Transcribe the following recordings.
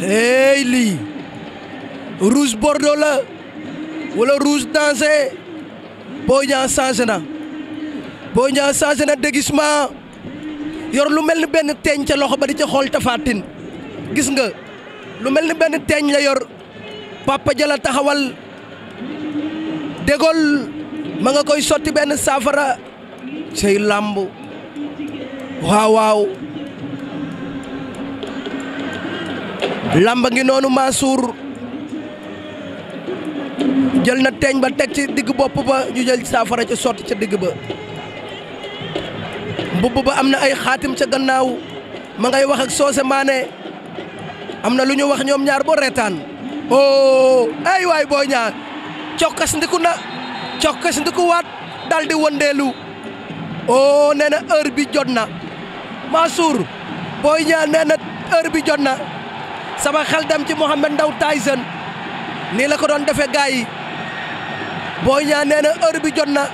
hey lii rouge bordeaux la wala rouge dansé Boy Niang changé na boo Niang changé na déguisement yor lu mel ni benn teeñ ca loxo ba di ca xool tafaatin gis nga lu mel ni benn teeñ la yor papa jala taxawal dégol ma nga koy sotti benn saafara cey làmb waaw waaw lamba ngi noonu Mansour jël na teeñ ba teg ci digg bopp ba ñu jël saafara ci sotti ca digg ba mbubb ba am na ay xaatim ca gannaaw ma ngay wax ak soose maane am na lu ñu wax ñoom ñaar bo reetaan oh ay waay boo ñaar cokkas na cokkas ndiku waat daal di wëndeelu oh nee na heure bi jot na Mansour booy ñaar nee na heure bi jot na sama xel dem ci Mohamed Ndaw Tyson nii la ko doon defee gars yi Boy Niang nee na heure bi jot na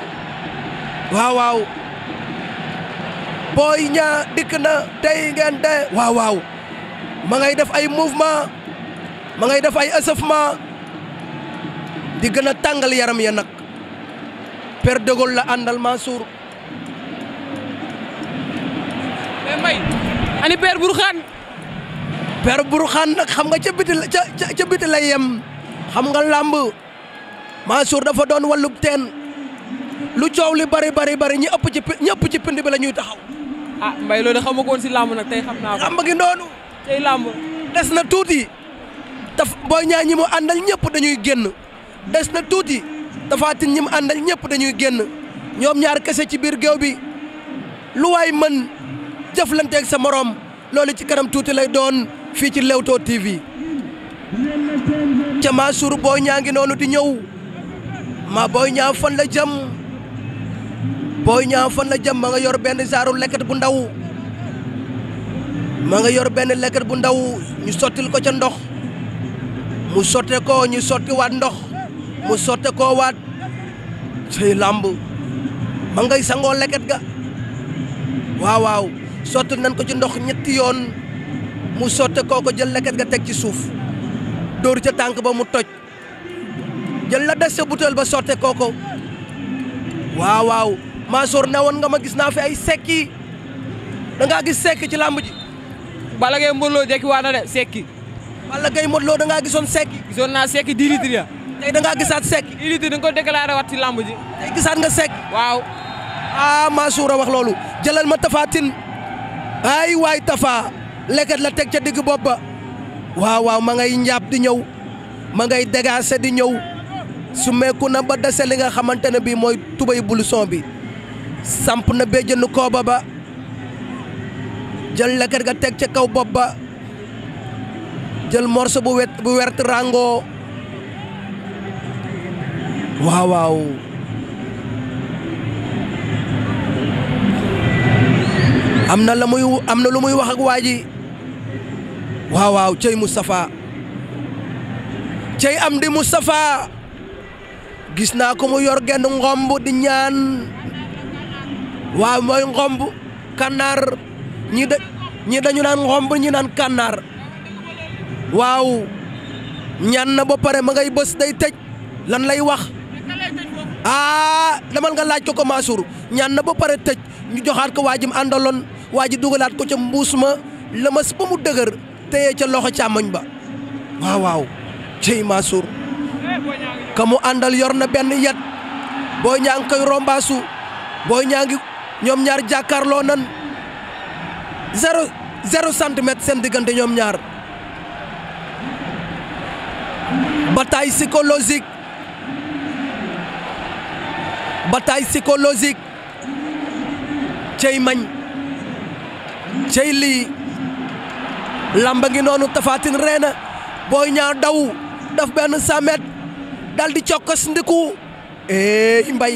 waaw waaw Boy Niang dikk na tey ngeen de waaw waaw ma ngay def ay mouvement ma ngay def ay échauffement di gën a tàngal yaram ya nag Père de la àndal Mansour. mais Mbaye ani Père Bourkhane per burxaan nag xam nga ca biti la ca biti la yem xam nga làmb Mansour dafa doon wàllub teen lu coow li bari bari bari ñi ëpp ci ñëpp ci pind bi la ñuy taxaw. ah mbay loolu xam nga si làmb nag tey xam naa ko. làmb gi noonu. tey làmb. des na tuuti daf booy ñaa ñi mu àndal ñëpp dañuy génn des na tuuti dafaatin ñi mu ñëpp dañuy génn ñoom ñaar kese ci biir géew bi lu waay mën jëflanteeg sa moroom loolu ci kanam tuuti lay doon. fii ci Leewtoo TV ca Mansour Boy Niang ngi noonu di ñëw ma booy Niang fan la jëm Boy Niang fan la jëm ma nga yor benn saaru lekkat bu ndaw maa nga yor benn lekkat bu ndaw ñu sottil ko ca ndox mu sotte ko ñu sottiwaat ndox mu sotte koo waat say làmb ma ngay sangoo lekkat ga waaw waaw sotti nañ ko ci ndox ñetti yoon mu sotte kooko jël leket ga teg ci suuf dóor ca tànk ba mu toj jël la des sa butéel ba sotte kooko waaw waaw Mansour ne woon nga ma gis naa fi ay sekki dangaa gis sekki ci làmb ji. bala Gaye Modou Lo jekki waa na de sekki. Balla Gaye Modou Lo da ngaa gisoon sekki. gisoon naa sekki dix ya. tey da ngaa gisaat sekki. dix litres da nga ko déclaré wat ci làmb ji. tey gisaat nga sekki. waaw. ah Mansour a wax loolu jëlal ma Tapha Tine ay waay Tapha. leket la teg ca digg bopp ba waaw waaw ma ngay njaab di ñëw ma ngay dégaase di ñëw summeeku na ba dese li nga xamante ne bii mooy tubay blouson bi samp na bee jënd kooba ba jël leket ga teg ca kaw bopp ba jël morso bu wet bu wert rango waaw waaw am na la muy am na lu muy wax ak waa ji waaw waaw cey Moustapha cey am di Moustapha gis naa ko mu yor genn ngomb di ñaan waaw mooy ngomb kànnaar ñii da ñii dañu naan ngomb ñi naan kànnaar waaw ñaan na ba pare ma ngay bës day tëj lan lay wax aa ah, damal nga laaj ko ko Mansour ñaan na ba pare tëj ñu joxaat ko waa ji mu àndaloon waa ji dugalaat ko ca mbuus ma lëmas ba mu dëgër téye ca loxo càmmoñ ba waaw waaw cey Mansour ka mu àndal yor na benn yet Boy Niang koy rombaasu Boy Niang ngi ñoom ñaar jàkkaarloo nan zéro zéro seen diggante ñoom ñaar bataille psychologique bataille psychologique cey mañ cey lii lamba ngi noonu tafaatin reena booy ñaa daw daf benn samet dal di cokkos ndiku eey mbay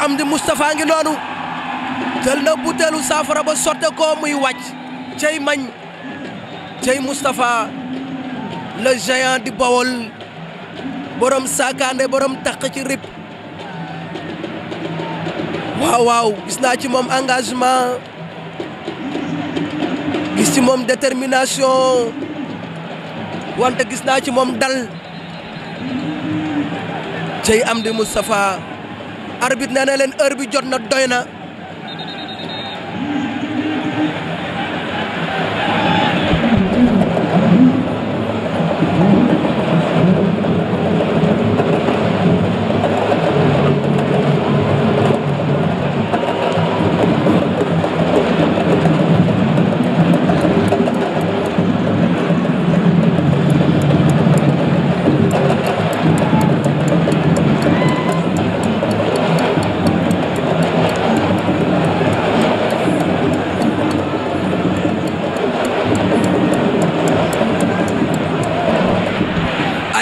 am di Moustapha ngi noonu jël na butéelu saafara ba sotte ko muy wàcc cey mañ cey Moustapha le géant di Bawol borom saakaande borom taq ci rip waaw waaw gis naa ci moom engagement gis ci moom détermination wante gis naa ci moom dal cey am di Moustapha arbitre nee na leen heure bi jot na doy na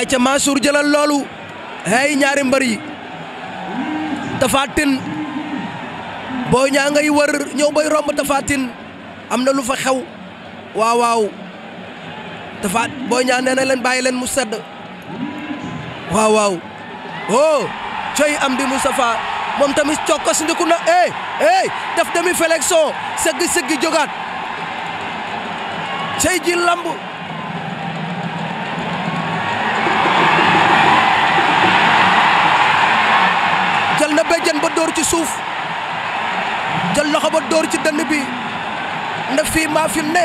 ca Mansour jëlal loolu hey ñaari mbër yi Tapha Tine Boy Niang ngay wër ñëw bay romb Tapha Tine am na lu fa xew waaw waaw Tapha Boy Niang nee na leen bàyyi leen mu sedd waaw waaw oh coy am di Moustapha moom tamit cokkos ndiku na eh eh daf demi flexion sëgg sëgg jógaat cey ji lamb ci suuf jël loxo ba dóor ci dënn bi ne fii maa fi ne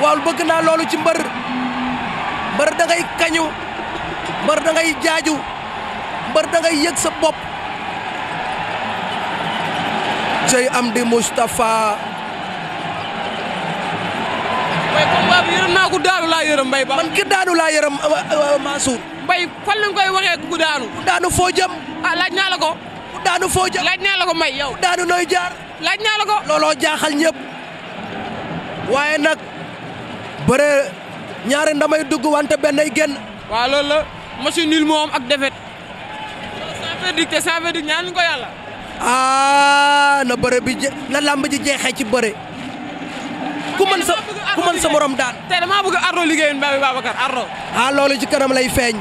waaw naa loolu ci mbër mbër da ngay kañu mbër da jaaju mbër da ngay yëg sa bopp cey am di Moustapha waaye combat bi yërëm naa ku daanu laa yërëm mbay ba man ki daanu laa yërëm Mansour mbay fan lañ koy waxee ku daanu ku daanu foo jëm ah, laaj naa la ko daanu foo laaj naa la ko may yow daanu nooy jaar laaj naa la looloo jaaxal ñëpp waaye nag bëre ñaari ndamay dugg wante benn ay génn waaw loolu la machine nul moom ak défaite sans verdict ah, na bëre bi na làmb ji jeexee ci bëre ku sa ku mën sa morom daan te damaa bëgg arro liggéeyun Babacar arro ah loolu ci kanam lay feeñ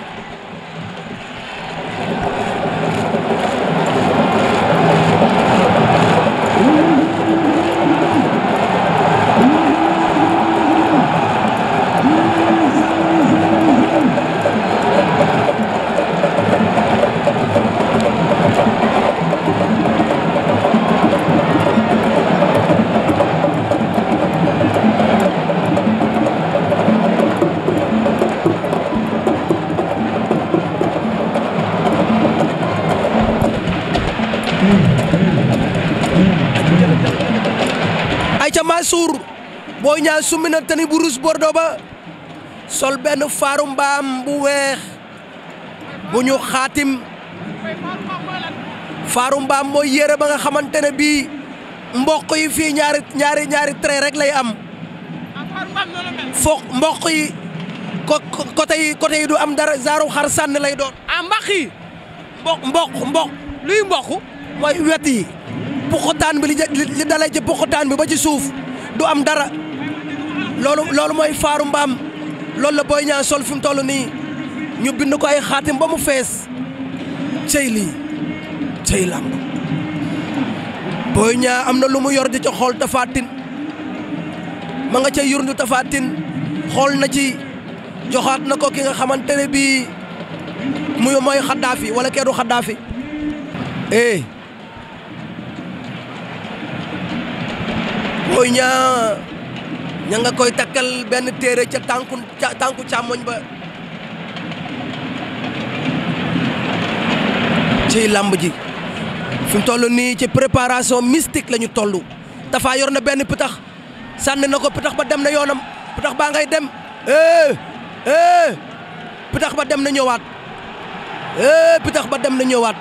summi na tani bu rouge bordeaux ba sol benn faaru mbaam bu weex bu ñu xaatim faaru mbaam mooy yére ba nga xamante ne bii mboq yi fi ñaari ñaari ñaari trait rek lay am fo mboq yi côté yi côté yi du am dara zaaru xar sànni lay doon. ah mboq mboq mboq mboq. luy mboq. mooy wet yi. puqutaan bi li li ci puqutaan bi ba ci suuf du am dara. loolu loolu mooy faaru mbaam loolu la Boy Niang sol fi mu toll nii ñu bind ko ay xaatim ba mu fees cëy lii cëy làmb Boy am na lu mu yor di ca xool Tapha Tine ma nga ca yurndu Tapha Tine xool na ci joxaat na ko ki nga xamante bi bii muy mooy Xaddaafi wala keedu Xaddaafi eh Boy Niang ña nga koy takkal benn téere ca tànku ca tànku càmmoñ ba ci làmb ji fi mu toll nii ci préparation mystique la ñu toll dafa yor na benn pitax sànni na ko pitax ba dem na yoonam pitax baa ngay dem eh, eh. ba dem na ñëwaat eh pitax ba dem na ñëwaat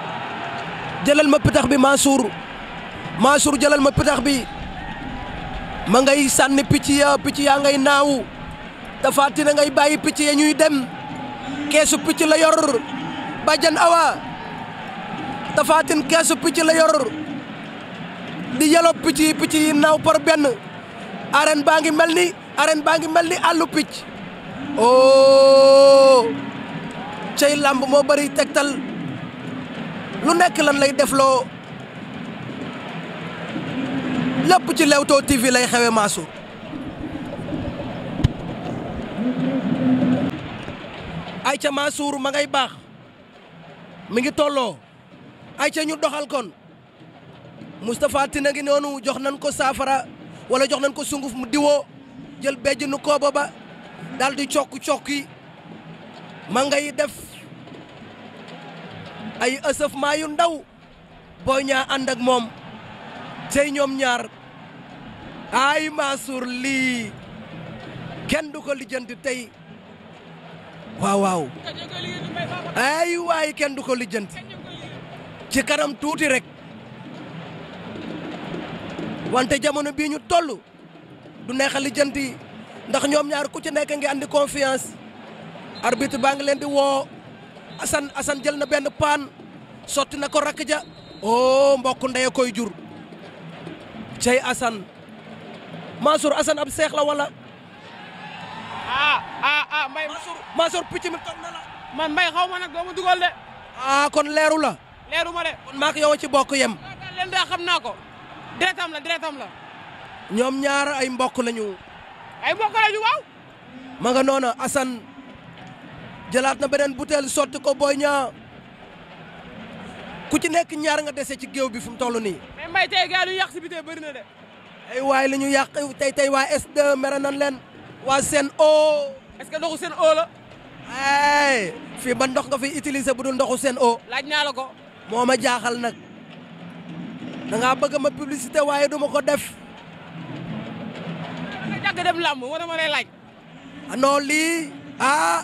jëlal ma pitax bi Mansour Mansour jëlal ma pitax bi. ma ngay sànni picc ya picc yaa ngay naawu Tapha Tine ngay bàyyi picc ya ñuy dem keesu picc la yor Badiane Awa Tapha keesu picc la yor di yelo picc yi picc yi naaw par benn arène baa ngi mel ni arène baa ngi mel ni àllu picc oh cey làmb moo bari tegtal lu nekk lan lay defloo lépp ci Leewtoo TV lay xewe Mansour ayca Mansour ma ngay baax mi ngi tolloo ayca ñu doxal kon Moustapha Tine jox nañ ko saafara wala jox nañ ko sunguf mu diwoo jël bejj nu kooba ba daal di cokk cokk ma ngay def ay échauffement yu ndaw boo ñaa ànd ak moom tey ñoom ñaar ay Mansour lii kenn du ko lijjanti tey waaw waaw ay waay kenn du ko lijjanti ci kanam tuuti rek wante jamono bii ñu toll du neex a lijjanti ndax ñoom ñaar ku ci nekk ngi andi confiance arbitre baa ngi leen di woo Assane Assane jël na benn paan sotti na ko rakk ja oh mbokk ndeya koy jur cey Assane Mansour Assane ab seex la wala. ah ah ah Mbaye man mbay xaw ma nag doo ma de. ah kon leeru la. leeru ma de. kon maa ko yow ci bokk yem. leen daa xam naa ko. deretam la deretam la. ñoom ñaar ay mbokk lañu. ay mbokk lañu na beneen butéel sotti ko Boy Niang. ku ci nekk ñaar nga dese ci géew bi fu mu toll nii. mais Mbaye tey gars yi ñu yàq si bitee bëri de. ay waay li ñu yàq tey tey waa S2 mere nan leen. waa seen o est-ce que ndoxu seen o la. ay fii ba ndox nga fi utilise bu dul ndoxu seen o laaj naa la ko. moo ma jaaxal nag da ngaa bëgg ma publicité waaye du ma ko def. nga jàgg dem làmb wala ma lay laaj. Ah non lii ah,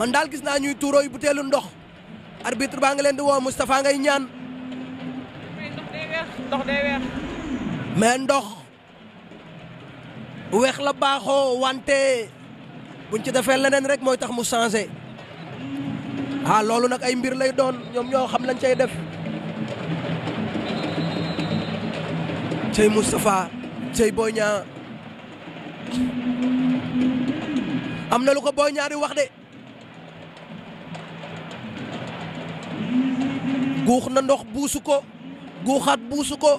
man daal gis naa ñuy tuuroo yu buteelu ndox. arbitre baa ngi leen di woo Moustapha ngay ñaan. ndox day weex mais ndox weex la baaxoo wante buñ ci defee leneen rek mooy tax mu changé a ah, loolu nag ay mbir lay doon ñoom ñoo xam lañ cay def. cey Moustapha cey Boy Niang am na lu ko Boy Niang di wax de guux na ndox buusu ko guuxaat buusu ko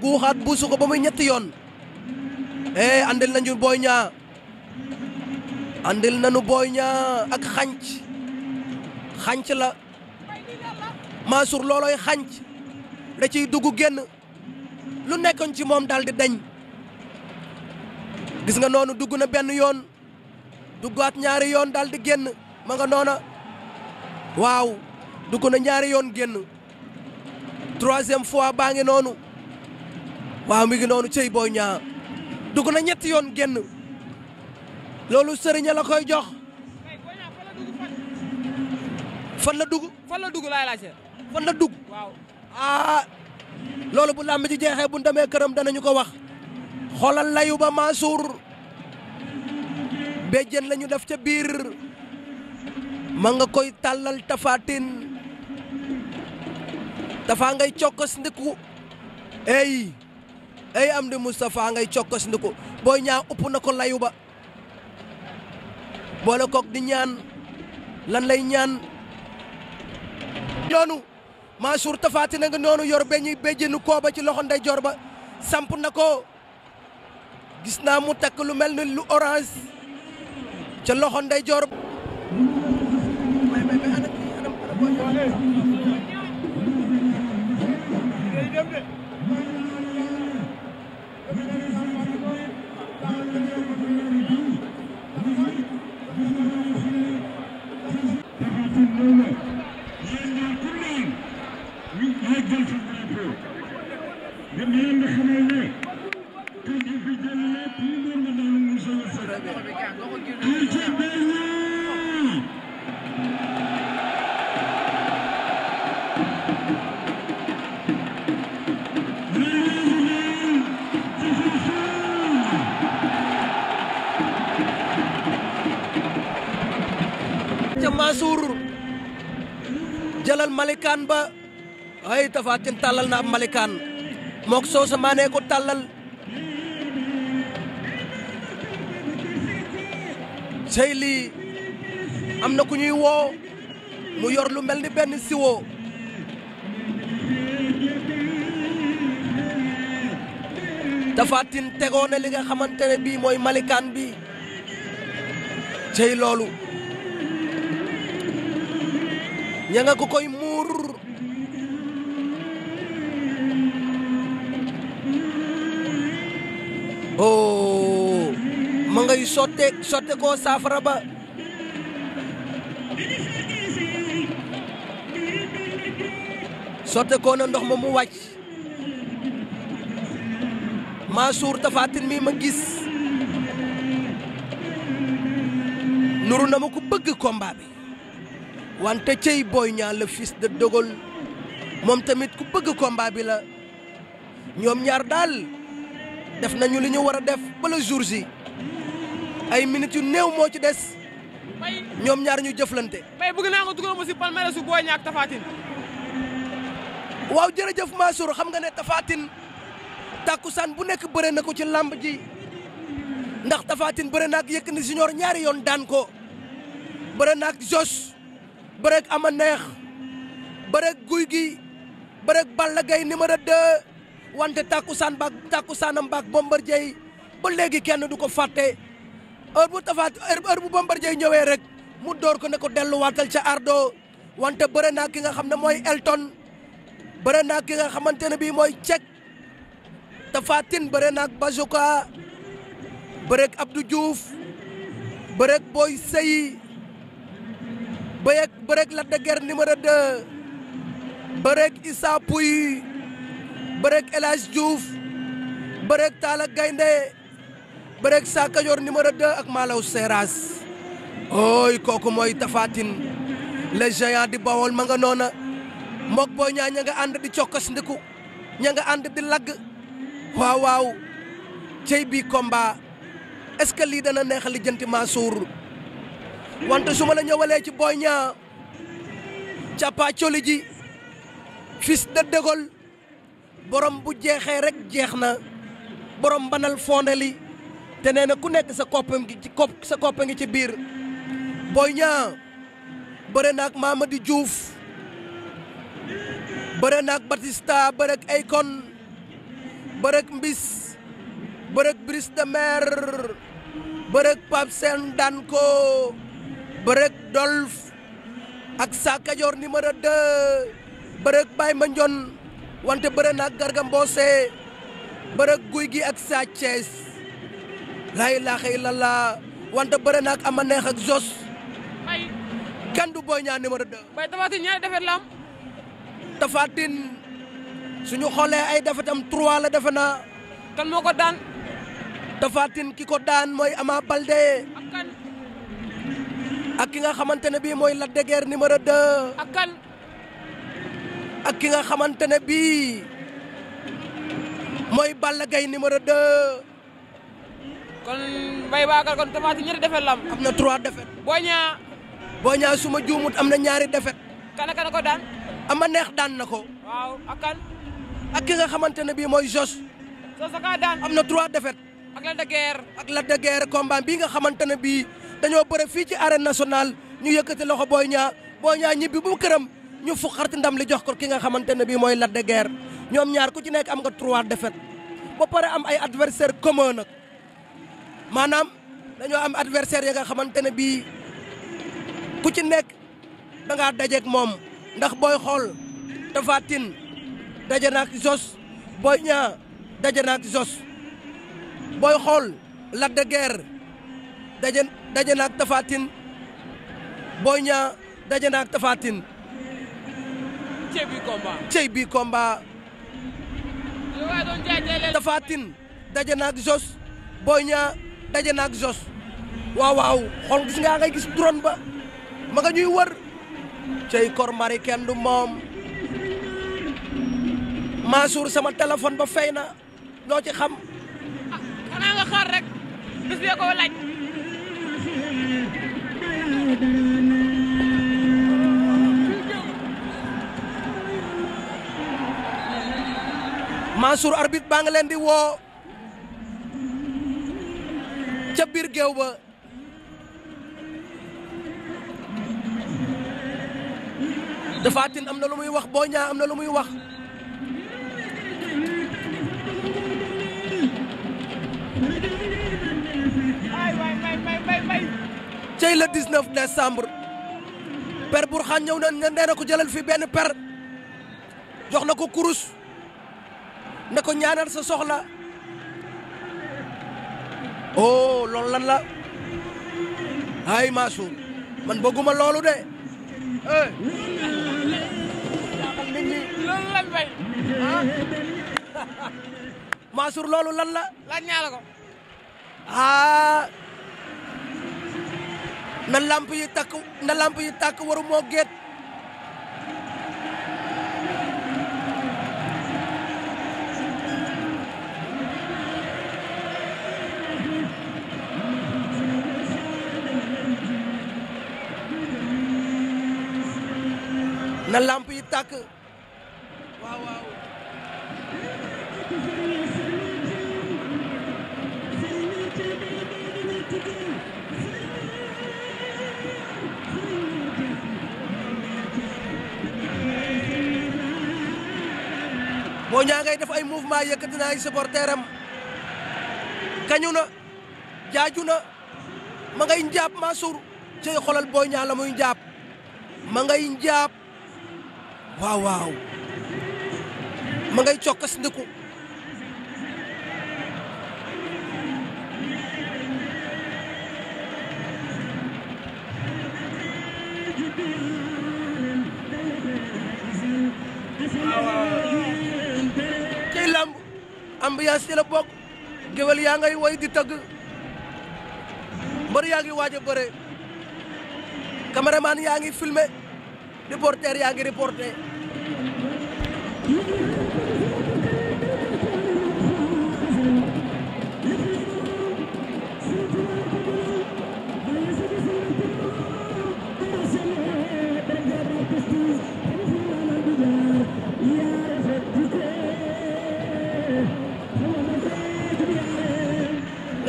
guuxaat buusu ko ba muy ñetti yoon eh andil nañu booy ñaa andil nu booy ñaa ak xanc xanc la Mansour loolooy xanc da ciy dugg génn lu nekkoon ci moom daal di dañ gis nga noonu dugg na benn yoon duggaat ñaari yoon daal di génn ma nga noona waaw dugg na ñaari yoon génn troisième fois baa ngi noonu waaw mi ngi noonu cëy booy dugg na ñetti yoon génn loolu sëriñ la koy jox fan la dugg fan la dugg laay laajte la dugg waaw ah, loolu bu làmb ji jeexee bu demee këram danañu ko wax xoolal layu ba Mansour béjjén la ñu def ca biir man nga koy tàllal tafaatin Tapha ngay cokkos ndiku ey ey Amdy Moustapha ngay cokkos ndiku Boy Niang upp na ko layu ba boole kook di ñaan lan lay ñaan noonu Mansour Tapha Tine nga noonu yor beñu koo ba ci loxo ndeyjoor ba samp na ko gis naa mu takk lu mel ni lu orange ca loxo ndeyjoor Mansour jëlal malikaan ba ay Tapha Tine tàllal na ab malikaan mook Socé Mané ko tàllal sey lii am na ku ñuy woo mu yor lu mel ni benn siwo Tapha Tine tegoo na li nga xamante ne mooy malikaan bi sey loolu ña nga ko koy muur oh ngay sotte sotte koo saafara ba sotte koo na ndox ma mu wàcc maa Tapha Tine mi ma gis nuru na ma ko bëgg combat wante cey booy Niang le fils de Dogol moom tamit ku bëgg combat bi la ñoom ñaar daal def nañu li ñu war a def ba le jour ji ay minutes yu néew moo ci des ñoom ñaar ñu jëflante. bay bëgg naa ko dugal ma si palmarès su Boy Niang ak Tapha Tine. waaw jërëjëf Mansour xam nga ne Tapha takku san bu nekk bëre na ko ci làmb ji ndax Tapha Tine bëre na ak Yékini Junior ñaari yoon daan ko bëre na Jos. bëreg ama neex bëreg guy gi bëreg Balla Gaye numéro 2 wante tàkkusaan baak tàkkusaanam baak Bombardier ba léegi kenn du ko fàtte heure bu tafaat heure bu Bombardier ñëwee rek mu door ko ne ko delluwaatal ca ardo wante bëre naa ki nga xam ne mooy Elton bëre naa ki nga xamante ne bii mooy Cek Tapha Tine bëre naag Bazooka bëreeg Abdou Diouf bëreeg Boy Sey bëyeeg bëreeg Lac de Guiers numéro 2 bëreeg Issa Pouye bëreeg El Hadj Diouf Gaynde bëreeg Sa Kajoor numéro 2 ak Malaw Seras ooy kooku mooy Tapha Tine le di Bawol ma nga noona mbokk booy ñaa ña nga ànd di cokkas ña nga ànd di lagg waaw waaw cey bii combat est-ce que lii dana neex li jënti Mansour wante su ma la ñëwalee ci Boy Niang càppaacoli ji fils de borom bu jeexee rek jeex na borom banal fondeli te nee na ku nekk sa koppa ngi ci kopp sa koppa ngi ci biir Boy Niang bëre naag Mamadi Diouf bëre naag Batista bëre ak Akon bëre ak Mbis bëre ak Brise de Mer bëre ak Pape bërëg dolf ak saa kajoor numéro 2 bërëg Baye Mandione wante bëre na ak Garga bërëg guy gi ak saa Thiès laa ilaaha illallah wante bëre na ak a neex ak Jos kenn du Boy Niang numéro 2. bay Tafatine ñaari defet la am. Tafatine suñu xoolee ay defetam 3 la defe naa. kan moo ko daan. Tafatine ki ko daan mooy Ama Baldé. ak ki nga xamante ne bii mooy Lac de Guiers numéro ak kan. ak ki nga xamante ne bii mooy Balla Gaye numéro 2. kon Mbaye Bakar kon Tapha Tine ñetti défaite la am. na trois défaite. Boña. Boña suma juumut am na ñaari défaite. kan ak ko daan. ama neex daan na ko. ak kan. ak nga xamante ne bii mooy Jos. Jos ak daan am na trois defet ak Lac de ak Lac de Guiers bii nga xamante ne bii. dañoo bëre fii ci arène national ñu yëkkati loxo Boy Niang Boy Niang ñibbi bu këram ñu fu xarti ndam li jox ko ki nga xamante ne bii mooy Lac de Guiers ñoom ñaar ku ci nekk am nga trois défaites ba pare am ay adversaire commun nag maanaam dañoo am adversaire yi nga xamante ne bii ku ci nekk da ngaa dajeeg moom ndax booy xool Tapha Tine daje na ak Zoss Boy Niang daje na ak Zoss booy xool Lac de Guiers daje daje naag Tafatine Boy Niang daje naag Tafatine. cey bi combat cey bi combat. Tafatine daje naag Jos Boy Niang daje naag Jos. waaw waaw xool gis nga ngay gis drone ba ma nga ñuy wër cey kor mari kenn du moom sama téléphone ba fay na loo xam. Ah, xanaa nga xaar rek bis bee ko laaj. Mansour arbitre baa ngi leen di woo ca biir géew ba Tapha am na lu muy wax Boy Niang am na lu muy wax tey le 19 décembre per Bourkhane ñëw na nee na ko jëlal fi benn per jox na ko kurus ne ko ñaanal sa soxla oh loolu lan la ay Mansour man bëgguma loolu de eh loolu lan bay ah. lan la laaj ñaala ko ah na lamp yi takk na lamp yi takk waru moo géet na lamp yi takk Boy Niang ngay def ay mouvement yëkkati na ay supporter kañu na jaaju na ma ngay njaab Mansour cey xolal Boy Niang la muy njaab ma ngay njaab waaw waaw ambiance ci la bokk géwél yaa ngay woy di tëgg mbër yaa ngi waaj a bëre caméraman yaa ngi filmer reporter yaa ngi reporter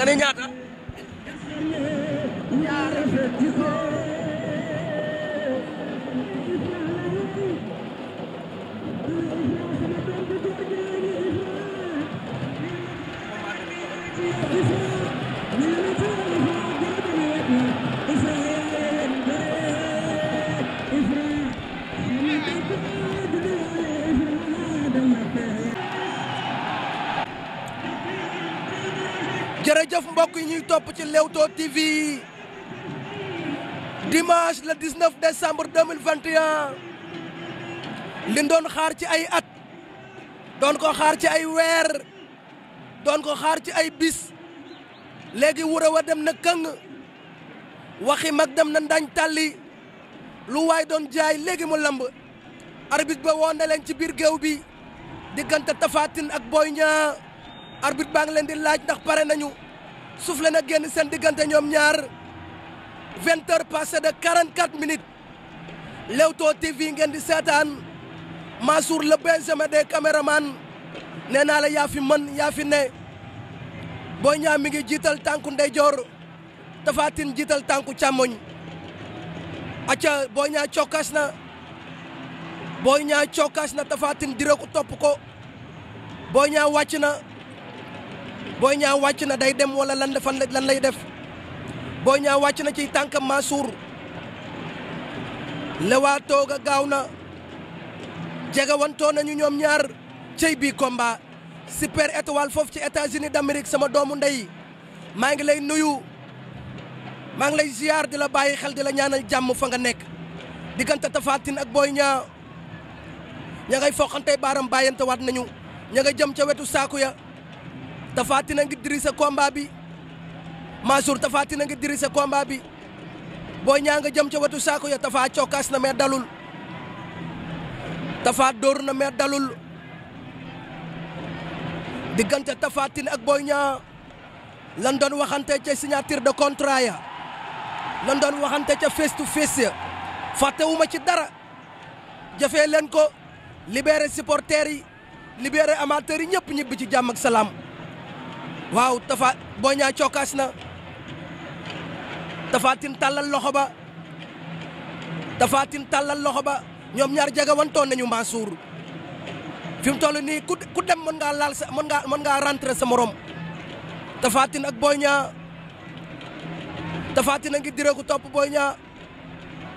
nga ne ñaata mbokk yi ñuy topp ci Leewtoo TV dimanche le 19 décembre 2021 liñ doon xaar ci ay at doon ko xaar ci ay weer doon ko xaar ci ay bis léegi wura wa dem na këng waxi mag dem na ndañ tàlli lu waay doon jaay léegi mu lamb arbitre ba woon na leen ci biir géew bi diggante Tapha ak Boy Niang arbitre baa ngi leen di laaj ndax pare nañu soufflé na génn seen diggante ñoom ñaar vingt heures passé de quarante quatre minutes Leewtoo TV ngeen di seetaan Mansour le Benjamin des caméramans nee naa la yaa fi mën yaa fi ne boo Niang mi ngi jiital tànku ndeyjoor Tapha Tine jiital tànku càmmoñ acca Boy Niang cokkaas na boo Niang cokkaas na Tapha Tine dire ko topp ko Boy Niang wàcc na booy Niang wàcc na day dem wala lan la fan lan lay def Boy ñaa wàcc na ci tànkam Mansour lewaatoo ga gaaw na jege wantoo nañu ñoom ñaar cey bii combat super étoile foofu ci États-Unis d'Amérique sama doomu ndey maa ngi lay nuyu maa ngi lay ziar di la bàyyi xel di la ñaanal jàmm fa nga nekk diggante Tapha Tine ak Boy Niang ña ngay foqante baaram bàyyante waat nañu ña nga jëm ca wetu saaku ya Tapha Tine a ngi diri sa combat bi Mansour Tapha ngi diri sa combat bi Boy Niang nga jëm ca wetu saako ya Tapha cokkaas na mais dalul Tapha dóor na mais dalul diggante Tapha ak Boy Niang lan doon waxante ca signature de contrat ya lan doon waxante ca fees to face ya fàttewuma ci dara jafee leen ko libéré supporters yi libéré amateurs yi ñëpp ñibbi ci jàmm ak salaam waaw Tapha Boy ñaa cokkaas na Tapha tàllal loxo ba Tapha tàllal loxo ba ñoom ñaar jege wantoon nañu Mansour fi mu toll nii ku dem mën ngaa laal sa mën ngaa mën ngaa sa morom Tapha Tine ak Boy Niang Tapha Tine a ngi direeku topp Boy Niang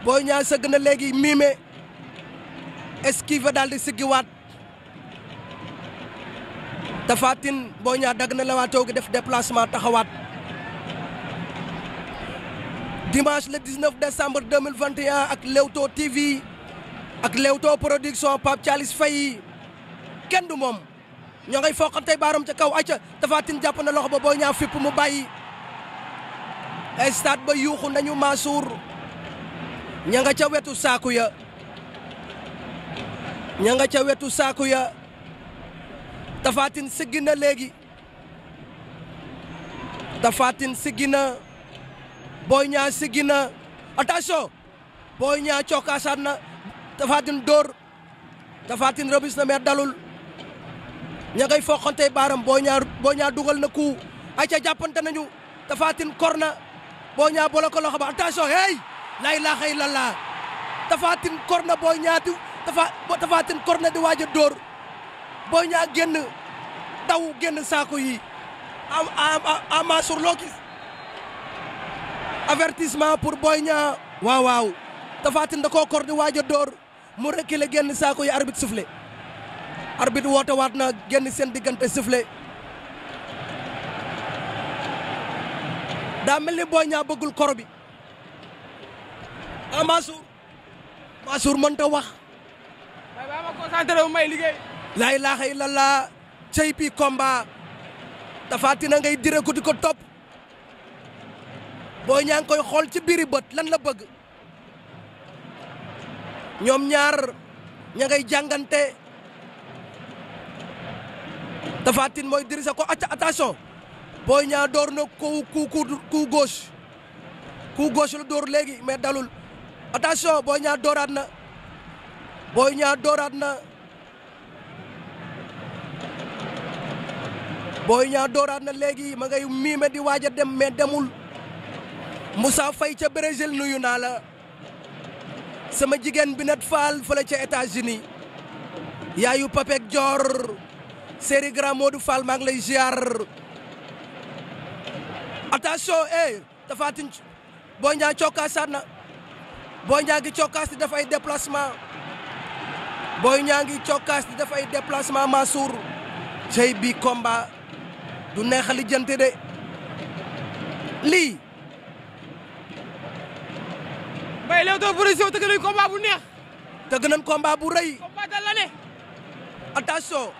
Boy Niang sëgg na léegi miime esquive daal di siggiwaat Tapha boo ñaa Niang dagg na lewaatoo gi def déplacement taxawaat dimanche le 19 décembre 2021 ak Leewtoo TV ak Leewtoo production Pape Thialis Faye kenn du moom ñoo ngay foqantey baaram ca kaw acca Tapha Tine jàpp na loxo ba boo Niang fipp mu bàyyi stade ba yuuxu nañu Mansour ña nga ca wetu saaku ya ña nga ca wetu saaku ya Tapha Tine siggi na léegi Tapha Tine siggi na Boy Niang siggi na attention Boy Niang cokkaasaat na Tapha Tine dóor i Tine rebis na mais dalul ña ngay baaram Boy Niang Boy na ku ay ca jàppante nañu Tapha Tine kor na Boy Niang boole ko loxo ba attention hey la ilaha illallah Tapha Tine kor na Boy Niang di Tapha Tine kor Boy Niang génn daw génn saako yi a am Mansour loo gis avertissement pour Boy Niang waaw waaw koo kor di waaj a dóor mu reculer génn saako yi arbitre soufflé arbitre woote waat na génn seen diggante soufflé daa mel ni Boy Niang bëggul kor bi ah Mansour Mansour mënta wax. waaye ba ma concentré wu may liggéey. laa ilaaha illallah cey bi combat Tapha Tine a ngay dire ko di ko ñaa Boy koy xool ci biiri bët lan la bëgg ñoom ñaar ña ngay jàngante Tapha Tine mooy diriger ko acca attention Boy Niang door na ko ku ku gauche ku gauche door léegi mais dalul attention Boy Niang dooraat na Boy Niang dooraat na Boy ñaa dooraat na léegi ma ngay miime di waaj a dem mais demul Moussa fay ca Brésil nuyu naa la sama jigéen bi nat faal fële ca États-Unis yaayu Papek Dior séri grand Modou Fall maa ngi lay ziar attention eh Tapha Tine Boy Niang cokkaasaat na Boy Niang gi cokkaas di def ay déplacement Boy Niang bi combat du neex a lijjanti de lii. Mbaye Leewtoo production tëgg nañ combat bu neex. tëgg nañ combat bu rëy. combat dal la ne. attention.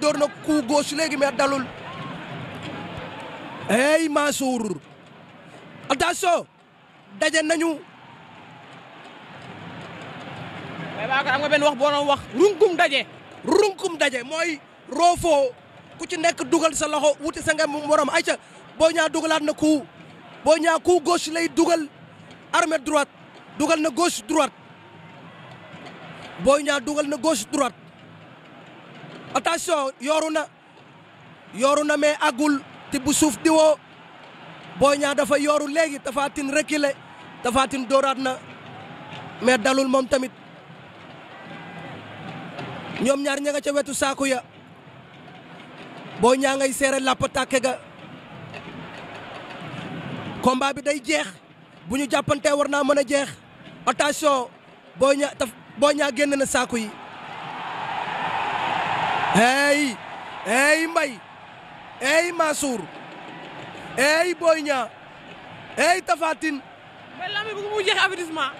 na coup gauche léegi mais dalul. hey Mansour. attention. daje nañu. waaye ba am nga benn wax boo wax. runkum daje. runkum daje mooy. roofoo ku ci nekk dugal sa loxo wuti sa ngem morom ay ca boo ñaa dugalaat na coup boo ñaa coup gauche lay dugal armée droite dugal na gauche droite boo ñaa dugal na gauche droite attention yooru na yooru na mais agul ti bu suuf di woo boo ñaa dafa yooru léegi dafa tin reculer dafa tin dooraat na mais dalul moom tamit ñoom ñaar ña ca wetu saaku ya boo ñaa ngay seere làpp tàkke ga combat day jeex bu ñu jàppante war naa mën a jeex attention Boy Niang taf génn na saaku yi hey hey Mbaye hey Mansour hey Boy Niang hey Tapha Tine mais lamb bi jeex avertissement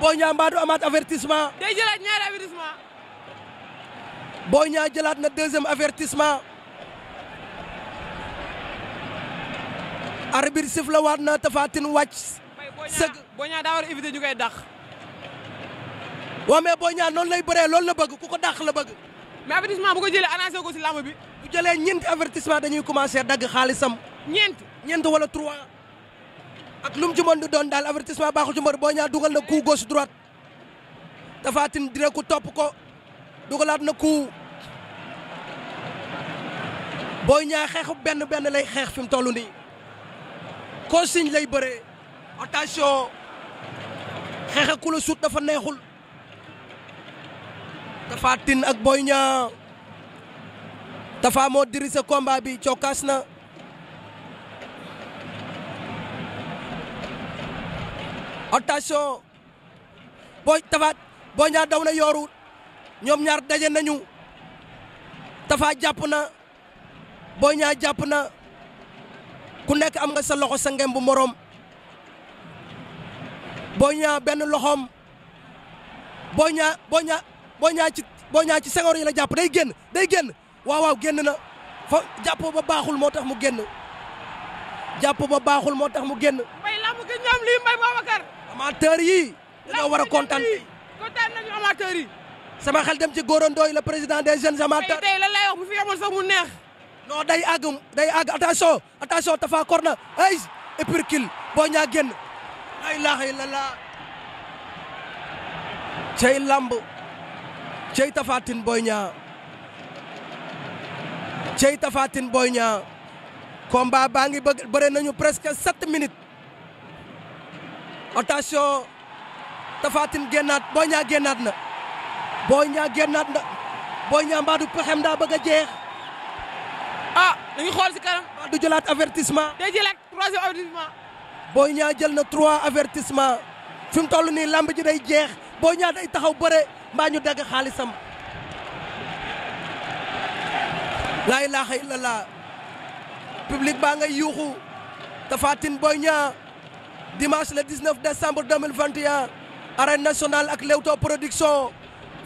Boy Niang mbaa amaat avertissement day jëlaat ñaari avertissement Boy Niang jëlaat na deuxième avertissement arbitre sifflé waat na Tapha Tine wàcc. sëg Boy daa war a éviter ñu koy dàq. waaw mais Boy Niang noonu lay bëree loolu la bëgg ku ko dàq la bëgg. mais avertissement bu ko jëlee annoncé ko ci làmb bi. bu jëlee ñeenti avertissement dañuy commencé dagg xaalisam. ñeent ñeent wala trois. ak lu mu ci mën di doon daal avertissement baaxul ci mbër Boy Niang dugal na coup gauche droite. Tapha Tine dire ku topp ko dugalaat na coup. Boy Niang xeexu benn benn lay xeex fi mu toll nii. ko consigne lay bëree attention xeex ak suut dafa neexul Tapha ak booy ñaa Tapha moo diri sa combat bi cokkaas na attention booy Tapha Boy Niang daw na yooru ñoom ñaar daje nañu Tapha jàpp na Boy Niang jàpp na ku nekk am nga sa loxo sa ngem bu moroom Boy Niang benn loxoom Boy ñaa boo Niang Boy Niang ci Boy ci sengoor yi la jàpp day génn day génn waaw génn na fa jàpp ba baaxul moo tax mu génn jàpp ba baaxul moo tax mu génn. mbay lamb gi ñoom lii mbay Babacar. amateur yi dañoo war a kontan kontaan yi. sama xel dem ci góorandoo yi le président des jeunes amateurs. tey lan lay wax bu fi amoon sax mu neex. non day àgg day àgg attention attention Tapha Corner ay épirkil boo ñaa génn la ilaha illallah cey lamb cey tafaatin booy ñaa cey tafaatin booy ñaa combat baa ngi bëgg bëre nañu presque sept minutes attention tafaatin génnaat booy ñaa génnaat na booy na booy ñaa mbaadu pexem daa bëgg a jeex ah dañu xool si kanam. du jëlaat avertissement. day jëlaat troisième avertissement. Boy ñaa jël na trois avertissement fi mu toll nii lamb ji day jeex Boy Niang day taxaw bëre mbaa ñu dagg xaalisam. laa ilaaha illallah public baa ngay yuuxu Tapha booy Boy Niang dimanche le 19 décembre 2021 arène nationale ak Leewtoo production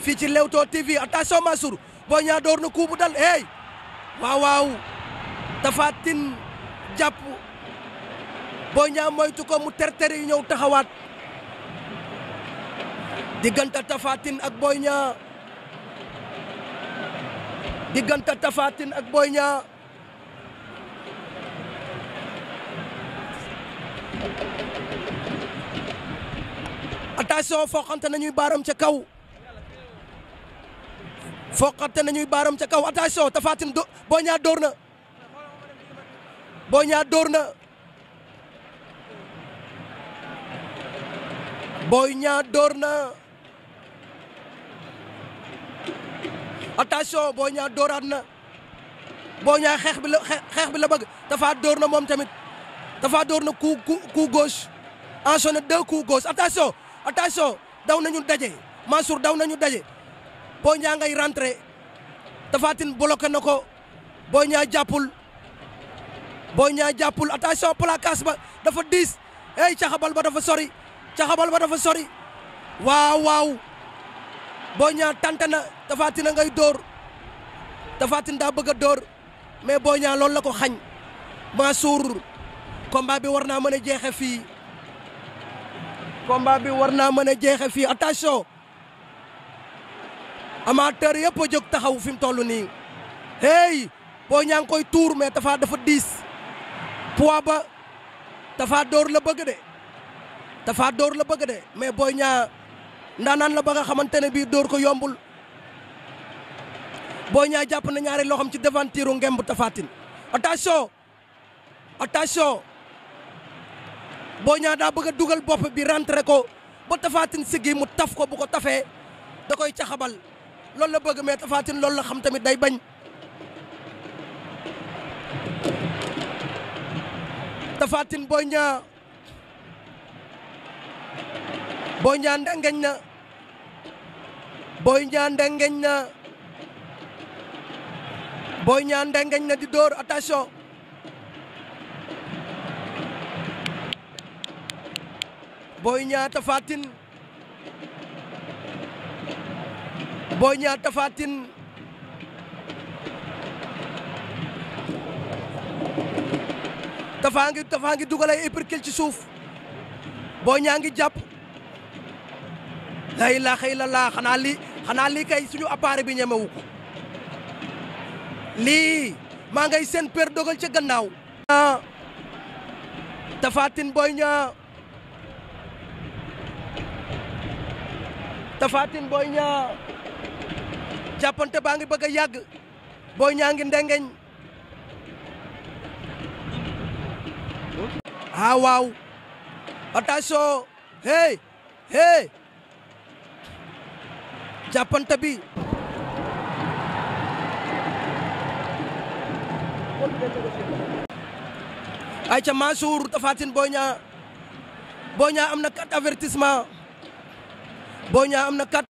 fii ci Leewtoo TV attention Mansour Boy ñaa door na coup bu dal hey. waaw waaw Tapha jàpp booy Niang moytu ko mu terter yi ñëw taxawaat diggante Tapha Tine ak Boy Niang diggante Tapha Tine ak Boy Niang attention foqante nañuy baaram ca kaw foqate nañu baaram ca kaw attention Tapha Tine do Boy Niang door na Boy Niang door na Boy Niang door na attention Boy na Boy Niang xeex bi la xeex bi la bëgg Tapha door na moom tamit Tapha door na coup coup gauche enchaîné deux coups gauche attention attention daw nañu daje Mansour daw nañu daje Boy Niang ngay rentré Tapha Tine na ko Boy Niang jàppul Boy Niang jàppul attention kaas ba dafa diis hey caxabal ba dafa sori caxabal ba dafa sori waaw waaw boo Niang tante na Tapha Tine ngay dóor Tapha daa bëgg a dóor mais boo ñaa loolu la ko xañ Mansour combat bi war naa mën a jeexe fii combat bi war naa mën a jeexe fii attention amateur yëpp a jóg taxaw fi mu toll nii hey boo ñaa ngi koy tuur mais Tapha dafa diis poids ba Tapha Dóor la bëgg de Tapha Dóor la bëgg de mais booy ñaa ndaanaan la ba nga xamante ne bii Dóor ko yombul booy ñaa jàpp na ñaari loxoom ci devantiru ngemb Tapha Tine attention attention booy ñaa daa bëgg a dugal bopp bi rentré ko ba Tapha Tine siggi mu taf ko bu ko tafee da koy caxabal. loolu la bëgg mais Tapha Tine loolu la xam tamit day bañ Tapha booy ñaa Niang Boy Niang na booy Niang ndengeñ na booy Niang ndengeñ na di dóor attention Boy Niang Tapha Boy Niang tafaatin Tine Tapha ngi Tapha ngi ci suuf Boy ñaa ngi jàpp la ilaha illallah xanaa lii xanaa lii kay suñu appareil bi ñemewu ko lii maa ngay seen per dogal ca gannaaw Tapha Tine Boy Niang Tapha Tine jàppante baa ngi bëgg a yàgg Boy Niang ngi ndengeñ ah waaw attention hey hey jàppante bi ay ca Mansour Tapha Tine Boy am na quatre avertissement Boy am na quatre